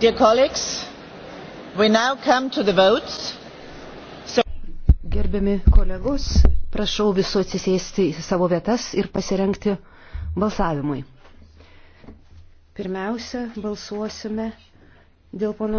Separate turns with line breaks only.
Dear colleagues,
we now come to the votes. So... Gerbiami kolegos, prašau visų atsisėsti į savo vietas ir pasirenkti balsavimui. Pirmiausia, balsuosime dėl pono